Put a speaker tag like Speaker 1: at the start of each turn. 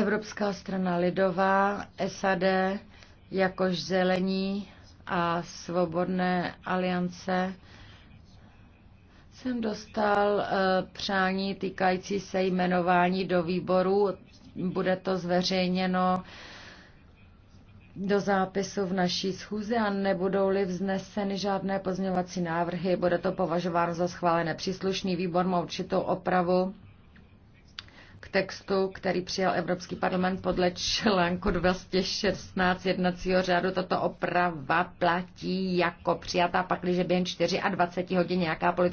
Speaker 1: Evropská strana lidová, SAD, jakož zelení a svobodné aliance jsem dostal eh, přání týkající se jmenování do výboru. Bude to zveřejněno do zápisu v naší schůzi a nebudou-li vzneseny žádné pozměňovací návrhy, bude to považováno za schválené. Příslušný výbor má určitou opravu textu, který přijal Evropský parlament podle článku 216 jednacího řádu. Tato oprava platí jako přijatá pakliže během 24
Speaker 2: hodin nějaká politická